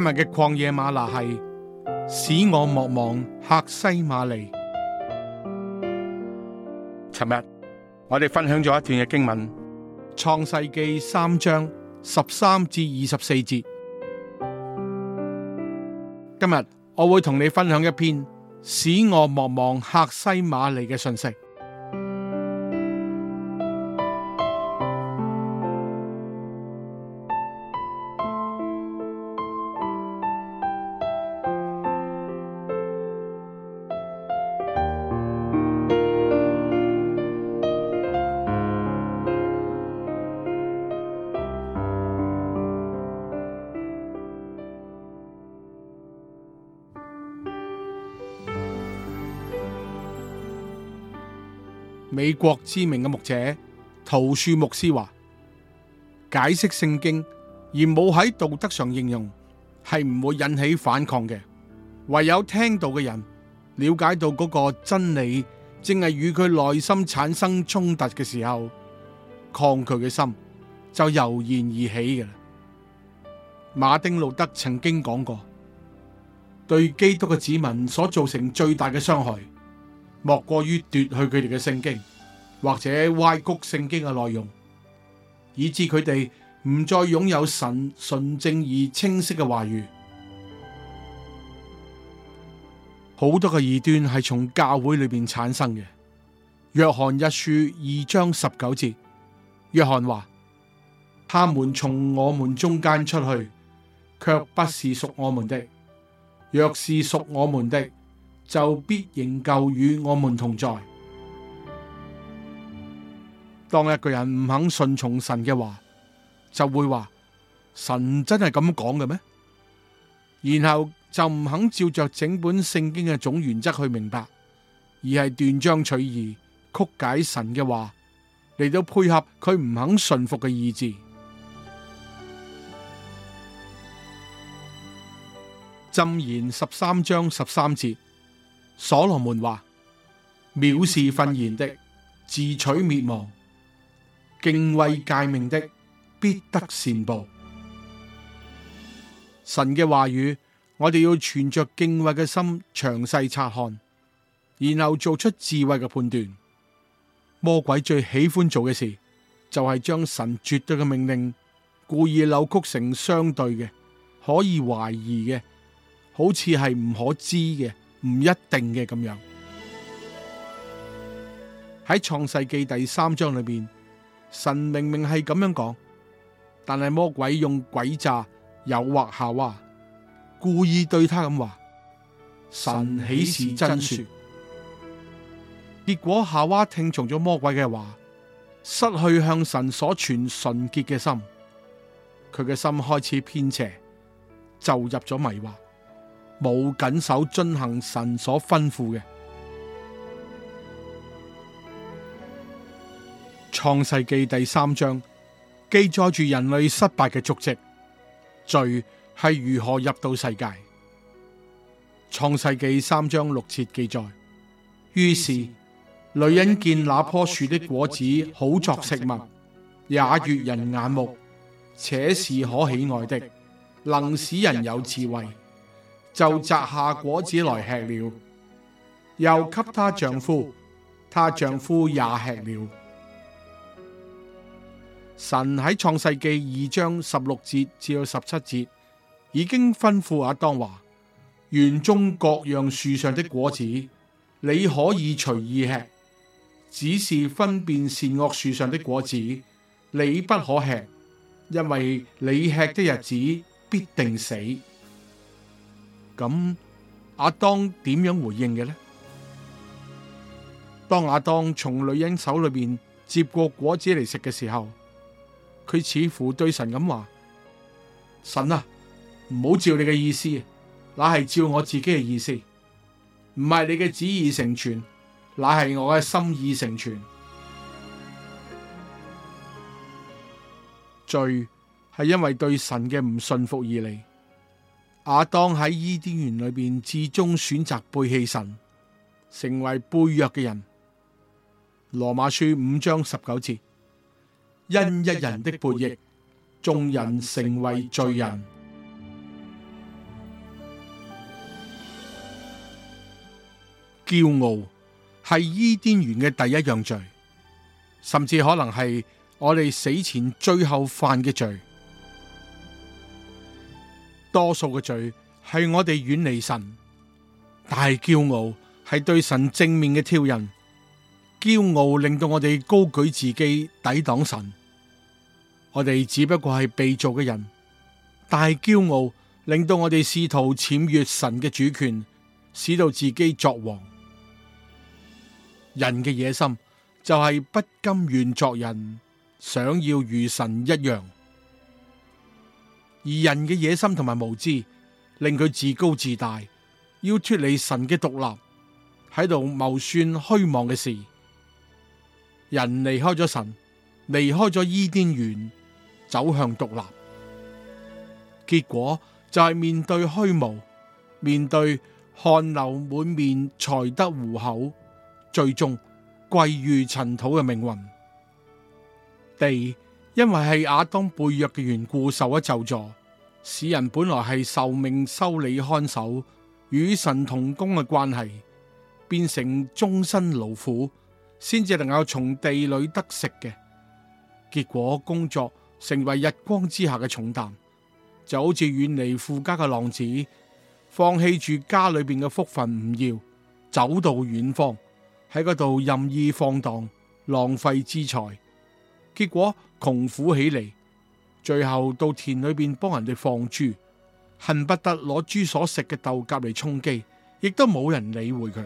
今日嘅曠野嗎哪係使我莫忘客西馬尼。尋日我哋分享咗一段嘅經文《創世記》三章十三至二十四節。今日我會同你分享一篇使我莫忘客西馬尼嘅信息。國知名嘅牧者陶恕牧師話，解釋聖經而冇喺道德上應用，係唔會引起反抗嘅。唯有聽到嘅人了解到嗰個真理正係與佢內心產生衝突嘅時候，抗拒嘅心就油然而起嘅。馬丁路德曾經講過，對基督嘅子民所造成最大嘅傷害，莫過於奪去佢哋嘅聖經。或者歪曲聖經嘅內容，以致佢哋唔再擁有神純正而清晰嘅話語。好多嘅異端係從教會裏邊產生嘅。約翰一書二章十九節，約翰話：他們從我們中間出去，卻不是屬我們的；若是屬我們的，就必仍舊與我們同在。當一個人唔肯順從神嘅話，就會話神真係咁講嘅咩？然後就唔肯照着整本聖經嘅總原則去明白，而係斷章取義，曲解神嘅話嚟到配合佢唔肯信服嘅意志。箴 言十三章十三節，所羅門話：藐視訓言的，自取滅亡。敬畏誡命的必得善報。神嘅話語，我哋要存着敬畏嘅心詳細察看，然後做出智慧嘅判斷。魔鬼最喜歡做嘅事，就係將神絕對嘅命令故意扭曲成相對嘅，可以懷疑嘅，好似係唔可知嘅、唔一定嘅咁樣。喺創世紀第三章裏邊。神明明係咁樣講，但係魔鬼用詭詐誘惑夏娃，故意對他咁話：神豈是真說？結果夏娃聽從咗魔鬼嘅話，失去向神所存純潔嘅心，佢嘅心開始偏邪，就入咗迷惑，冇緊守遵行神所吩咐嘅。創世紀第三章記載住人類失敗嘅足跡，罪係如何入到世界。創世紀三章六節記載：於是女人見那棵樹的果子好作食物，也悅人眼目，且是可喜愛的，能使人有智慧，就摘下果子來吃了，又給她丈夫，她丈夫也吃了。神喺創世記二章十六節至到十七節已經吩咐亞當話：園中各樣樹上的果子你可以隨意吃，只是分辨善惡樹上的果子你不可吃，因為你吃的日子必定死。咁亞當點樣回應嘅呢？當亞當從女人手裏邊接過果子嚟食嘅時候，佢似乎對神咁話：神啊，唔好照你嘅意思，乃係照我自己嘅意思，唔係你嘅旨意成全，乃係我嘅心意成全。 罪係因為對神嘅唔信服而嚟。亞當喺伊甸園裏邊，至終選擇背棄神，成為背約嘅人。羅馬書五章十九節。因一人的悖逆，眾人成為罪人。驕傲係伊甸園嘅第一樣罪，甚至可能係我哋死前最後犯嘅罪。多數嘅罪係我哋遠離神，但係驕傲係對神正面嘅挑釁。驕傲令到我哋高舉自己，抵擋神。我哋只不過係被造嘅人，但係驕傲令到我哋試圖僭越神嘅主權，使到自己作王。人嘅野心就係不甘願作人，想要如神一樣。而人嘅野心同埋無知，令佢自高自大，要脫離神嘅獨立，喺度謀算虛妄嘅事。人離開咗神，離開咗伊甸園。走向獨立，結果就係、是、面對虛無，面對汗流滿面才得糊口，最終歸於塵土嘅命運。地因為係亞當背約嘅緣故受咗咒詛，使人本來係受命修理看守與神同工嘅關係，變成終身勞苦，先至能夠從地裏得食嘅，結果工作，成為日光之下嘅重擔，就好似遠離父家嘅浪子，放棄住家裏邊嘅福分唔要，走到遠方喺嗰度任意放蕩，浪費資財，結果窮苦起嚟，最後到田裏邊幫人哋放豬，恨不得攞豬所食嘅豆莢嚟充飢，亦都冇人理會佢，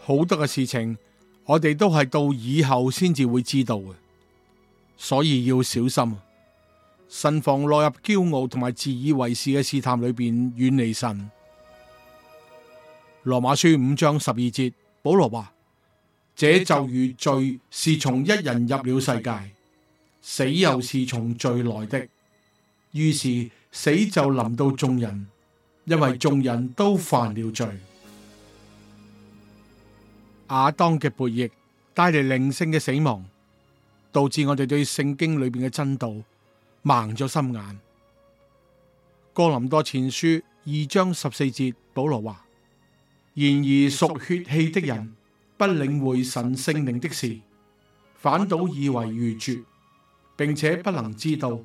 好得嘅事情。我哋都係到以後先至會知道嘅，所以要小心，慎防落入驕傲同埋自以為是嘅試探裏邊，遠離神。羅馬書五章十二節，保羅話：這就如罪是從一人入了世界，死又是從罪來的，於是死就臨到眾人，因為眾人都犯了罪。亞當嘅背逆帶嚟靈性嘅死亡，導致我哋對聖經裏邊嘅真道盲咗心眼。哥林多前書二章十四節，保羅話：然而屬血氣的人不領會神聖靈的事，反倒以為愚拙，並且不能知道，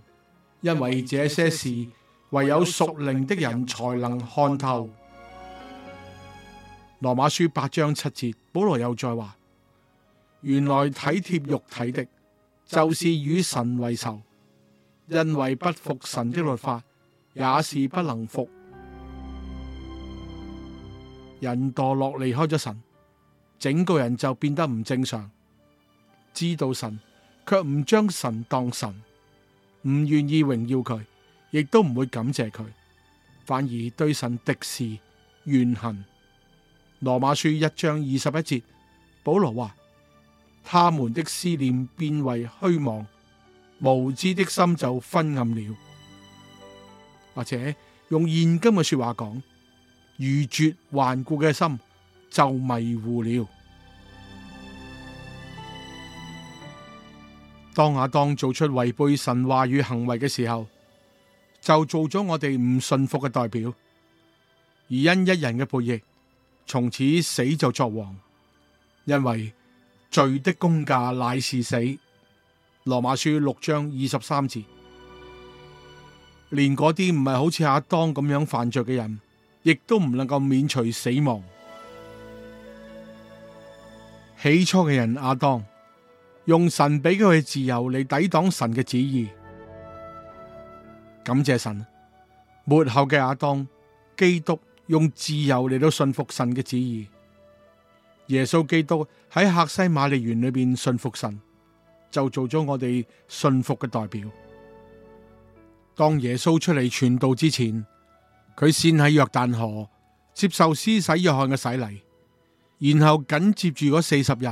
因為這些事唯有屬靈的人才能看透。羅馬書八章七節，保羅又再話：原來體貼肉體的，就是與神為仇，因為不服神的律法，也是不能服。人墮落離開咗神，整個人就變得唔正常，知道神，卻唔將神當神，唔願意榮耀佢，亦都唔會感謝佢，反而對神敵視怨恨。羅馬書一章二十一節，保羅話：他們的思念變為虛妄，無知的心就昏暗了；或者用現今嘅說話講，愚拙頑固嘅心就迷糊了。當亞當做出違背神話與行為嘅時候，就做咗我哋唔信服嘅代表，而因一人嘅背逆。從此死就作王，因為罪的公價乃是死。羅馬書六章二十三節，連嗰啲唔係好似阿當咁樣犯罪嘅人，亦都唔能夠免除死亡。起初嘅人阿當，用神俾佢嘅自由嚟抵擋神嘅旨意。感謝神，末後嘅阿當，基督。用自由嚟到信服神嘅旨意。耶穌基督喺客西馬尼園裏邊信服神，就做咗我哋信服嘅代表。當耶穌出嚟傳道之前，佢先喺約旦河接受施洗約翰嘅洗禮，然後緊接住嗰四十日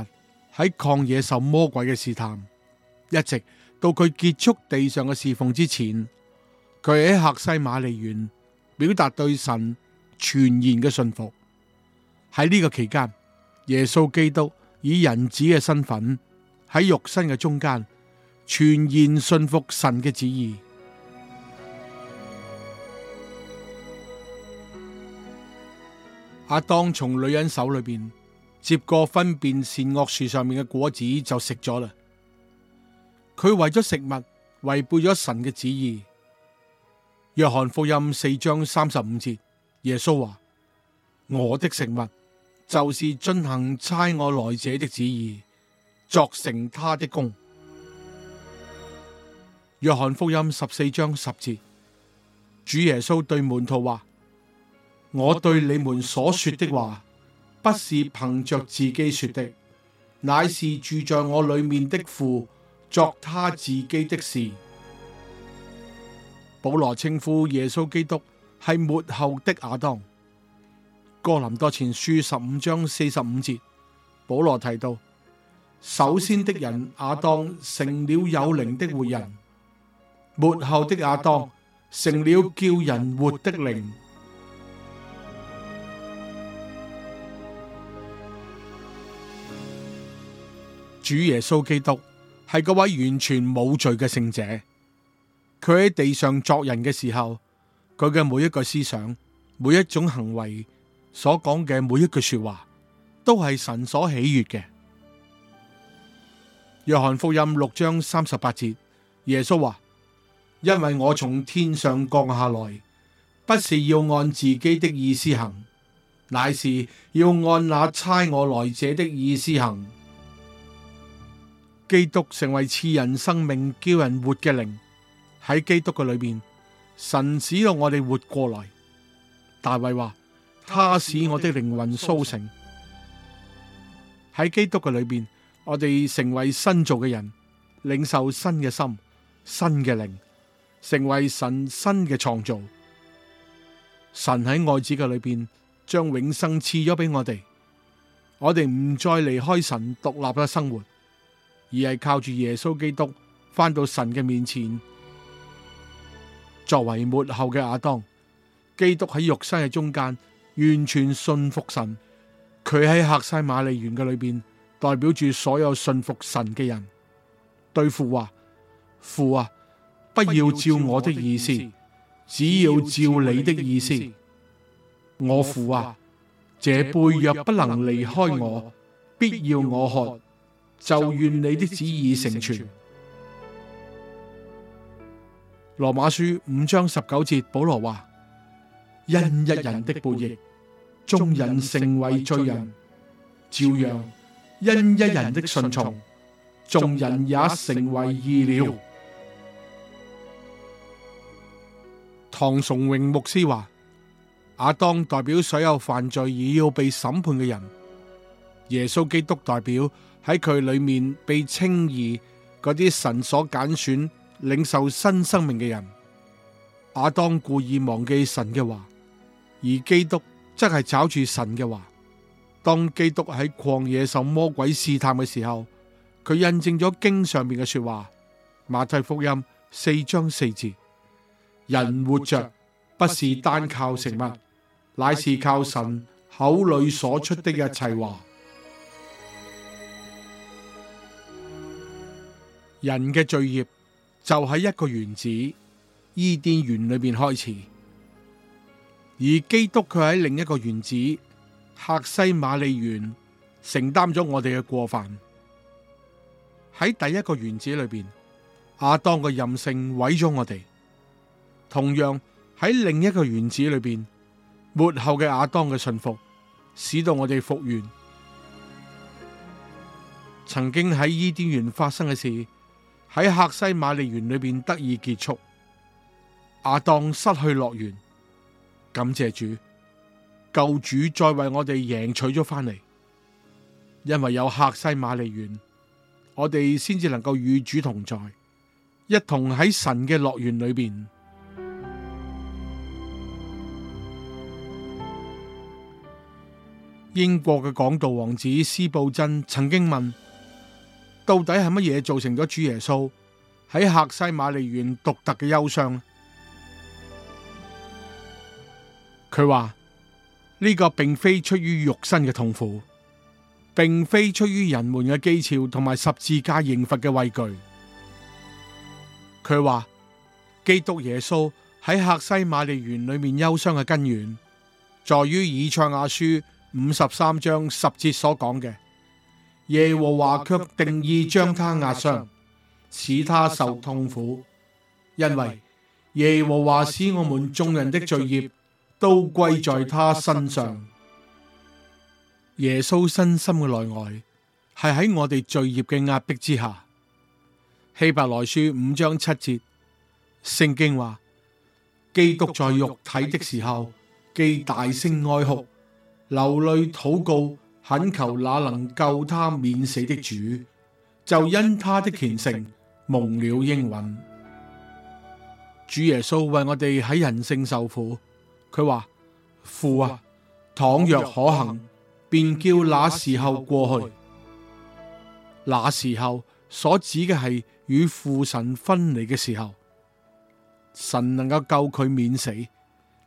喺曠野受魔鬼嘅試探，一直到佢結束地上嘅侍奉之前，佢喺客西馬尼園表達對神。全然嘅信服，喺呢個期間，耶穌基督以人子嘅身份喺肉身嘅中間，全然信服神嘅旨意。阿當從女人手裏邊接過分辨善惡樹上面嘅果子就食咗啦，佢為咗食物違背咗神嘅旨意。約翰福音四章三十五節。耶穌話：我的食物就是遵行差我來者的旨意，作成他的功。約翰福音十四章十節，主耶穌對門徒話：我對你們所說的話，不是憑着自己說的，乃是住在我裏面的父作他自己的事。保羅稱呼耶穌基督。係末後的亞當，哥林多前書十五章四十五節，保羅提到：首先的人亞當成了有靈的活人，末後的亞當成了叫人活的靈。主耶穌基督係嗰位完全冇罪嘅聖者，佢喺地上作人嘅時候。佢嘅每一個思想、每一種行為、所講嘅每一句說話，都係神所喜悅嘅。約翰福音六章三十八節，耶穌話：「因為我從天上降下來，不是要按自己的意思行，乃是要按那差我來者的意思行。基督成為賜人生命、叫人活嘅靈，喺基督嘅裏面。」神使到我哋活過來，大衛話：他使我的靈魂甦醒。喺基督嘅裏邊，我哋成為新造嘅人，領受新嘅心、新嘅靈，成為神新嘅創造。神喺愛子嘅裏邊，將永生賜咗俾我哋，我哋唔再離開神獨立嘅生活，而係靠住耶穌基督返到神嘅面前。作為末後嘅亞當，基督喺肉身嘅中間完全信服神，佢喺客西馬尼園嘅裏邊，代表住所有信服神嘅人，對父話、啊：父啊，不要照我的意思，只要照你的意思。我父啊，這杯若不能離開我，必要我喝，就願你的旨意成全。羅馬書五章十九節，保羅話：因一人的悖逆，眾人成為罪人；照樣，因一人的順從，眾人也成為義了。」唐崇榮牧師話：亞當代表所有犯罪而要被審判嘅人，耶穌基督代表喺佢裏面被稱義嗰啲神所揀選。領受新生命嘅人，亞當故意忘記神嘅話，而基督則係抓住神嘅話。當基督喺曠野受魔鬼試探嘅時候，佢印證咗經上面嘅說話。馬太福音四章四字，「人活着不是單靠食物，乃是靠神口裏所出的一切話」。人嘅罪孽。就喺一個原子伊甸園裏邊開始，而基督佢喺另一個原子客西馬尼園承擔咗我哋嘅過犯。喺第一個原子裏邊，亞當嘅任性毀咗我哋；同樣喺另一個原子裏邊，末後嘅亞當嘅信服使到我哋復原。曾經喺伊甸園發生嘅事。喺客西馬尼園裏邊得以結束，亞當失去樂園。感謝主，救主再為我哋贏取咗返嚟，因為有客西馬尼園，我哋先至能夠與主同在，一同喺神嘅樂園裏邊。 英國嘅講道王子司布真曾經問。到底係乜嘢造成咗主耶穌喺客西馬尼園獨特嘅憂傷？佢話呢個並非出於肉身嘅痛苦，並非出於人們嘅譏誚同埋十字架刑罰嘅畏懼。佢話基督耶穌喺客西馬尼園裏面憂傷嘅根源，在於以賽亞書五十三章十節所講嘅。耶和華卻定意將他壓傷，使他受痛苦，因為耶和華使我們眾人的罪孽都歸在他身上。耶穌身心嘅內外，係喺我哋罪孽嘅壓迫之下。希伯來書五章七節，聖經話：基督在肉體的時候，既大聲哀哭，流淚禱告。懇求那能救他免死的主，就因他的虔誠蒙了應允。主耶穌為我哋喺人性受苦，佢話，父啊，倘若可行，便叫那時候過去。那時候所指嘅係與父神分離嘅時候，神能夠救佢免死，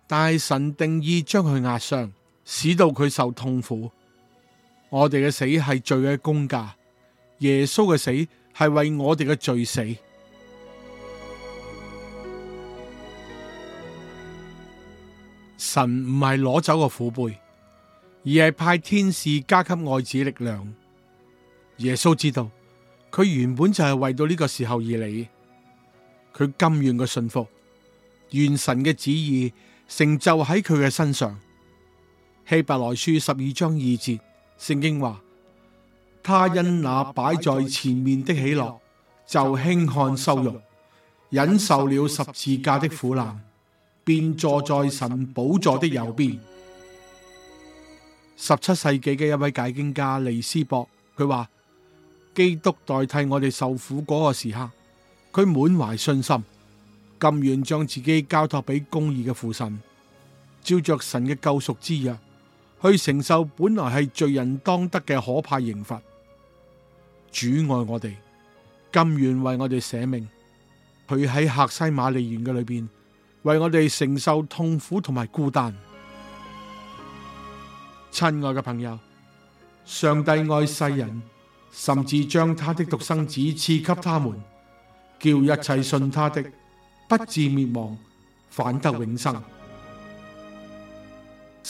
但係神定意將佢壓傷，使到佢受痛苦。我哋嘅死係罪嘅公價，耶穌嘅死係為我哋嘅罪死。 神唔係攞走個父輩，而係派天使加給愛子力量。耶穌知道佢原本就係為到呢個時候而嚟，佢甘願嘅信服，願神嘅旨意成就喺佢嘅身上。希伯來書十二章二節。聖經話：他因那擺在前面的喜樂，就輕看羞辱，忍受了十字架的苦難，便坐在神寶座的右邊。十七世紀嘅一位解經家利斯博，佢話：基督代替我哋受苦嗰個時刻，佢滿懷信心，甘願將自己交託俾公義嘅父神，照着神嘅救贖之約。去承受本來係罪人當得嘅可怕刑罰。主愛我哋，甘願為我哋捨命。佢喺客西馬尼園嘅裏邊，為我哋承受痛苦同埋孤單。親愛嘅朋友，上帝愛世人，甚至將他的獨生子賜給他們，叫一切信他的，不至滅亡，反得永生。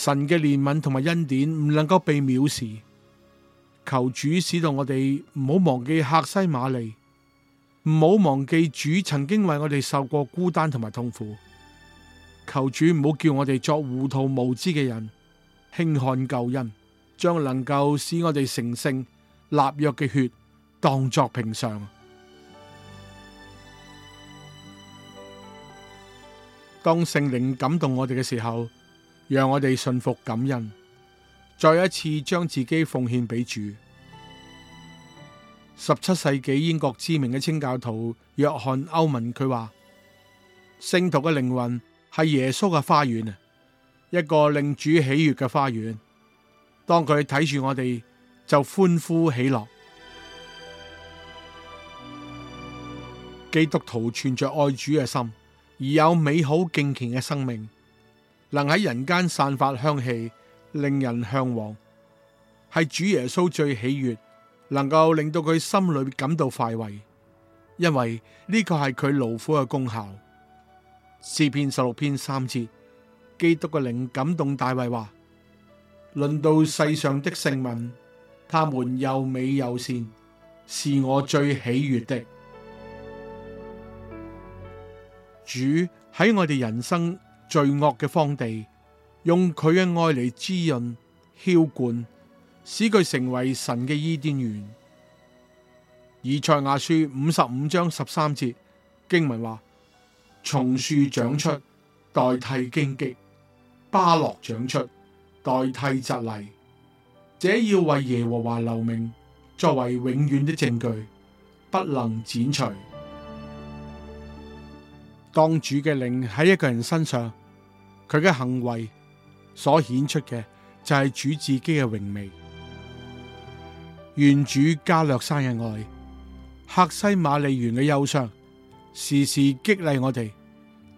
神嘅憐憫同埋恩典唔能夠被藐視，求主使到我哋唔好忘記客西馬尼，唔好忘記主曾經為我哋受過孤單同埋痛苦。求主唔好叫我哋作糊塗無知嘅人，輕看救恩，將能夠使我哋成聖立約嘅血當作平常。當聖靈感動我哋嘅時候，讓我哋信服感恩，再一次將自己奉獻俾主。十七世紀英國知名嘅清教徒約翰歐文，佢話：聖徒嘅靈魂係耶穌嘅花園，一個令主喜悅嘅花園。當佢睇住我哋，就歡呼喜樂。基督徒存着愛主嘅心，而有美好敬虔嘅生命。能喺人間散發香氣，令人向往，係主耶穌最喜悦，能夠令到佢心裏感到快慰，因為呢個係佢勞苦嘅功效。詩篇十六篇三節，基督嘅靈感動大衛話：論到世上的聖民，他們又美又善，是我最喜悦的。主喺我哋人生。罪惡嘅荒地，用佢嘅愛嚟滋潤、澆灌，使佢成為神嘅伊甸園。以賽亞書五十五章十三節經文話：松樹長出代替荊棘，巴洛長出代替蒺藜。這要為耶和華留名，作為永遠的證據，不能剪除。當主嘅靈喺一個人身上，佢嘅行為所顯出嘅就係主自己嘅榮美。願主加略山嘅愛，客西馬尼園嘅憂傷，時時激勵我哋，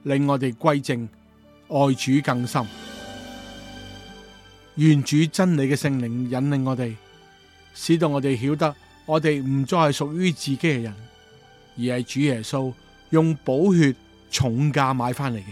令我哋歸正，愛主更深。願主真理嘅聖靈引領我哋，使到我哋曉得我哋唔再係屬於自己嘅人，而係主耶穌用寶血。重價買翻嚟嘅。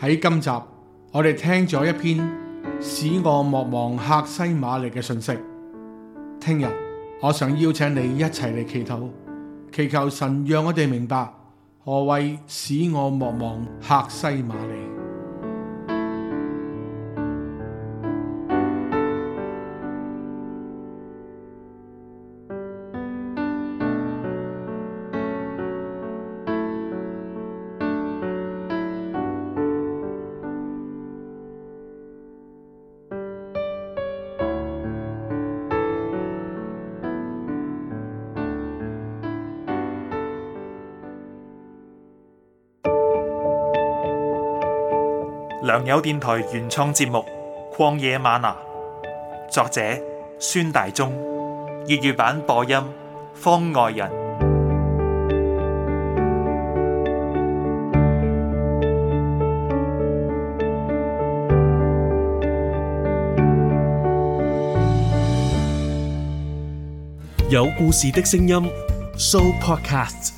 喺今集，我哋聽咗一篇，使我莫忘客西馬尼嘅信息。聽日，我想邀請你一齊嚟祈禱，祈求神讓我哋明白何謂使我莫忘客西馬尼。良友電台原創節目《曠野嗎哪》，作者孫大中，粵語版播音方外人，有故事的聲音，So Podcast。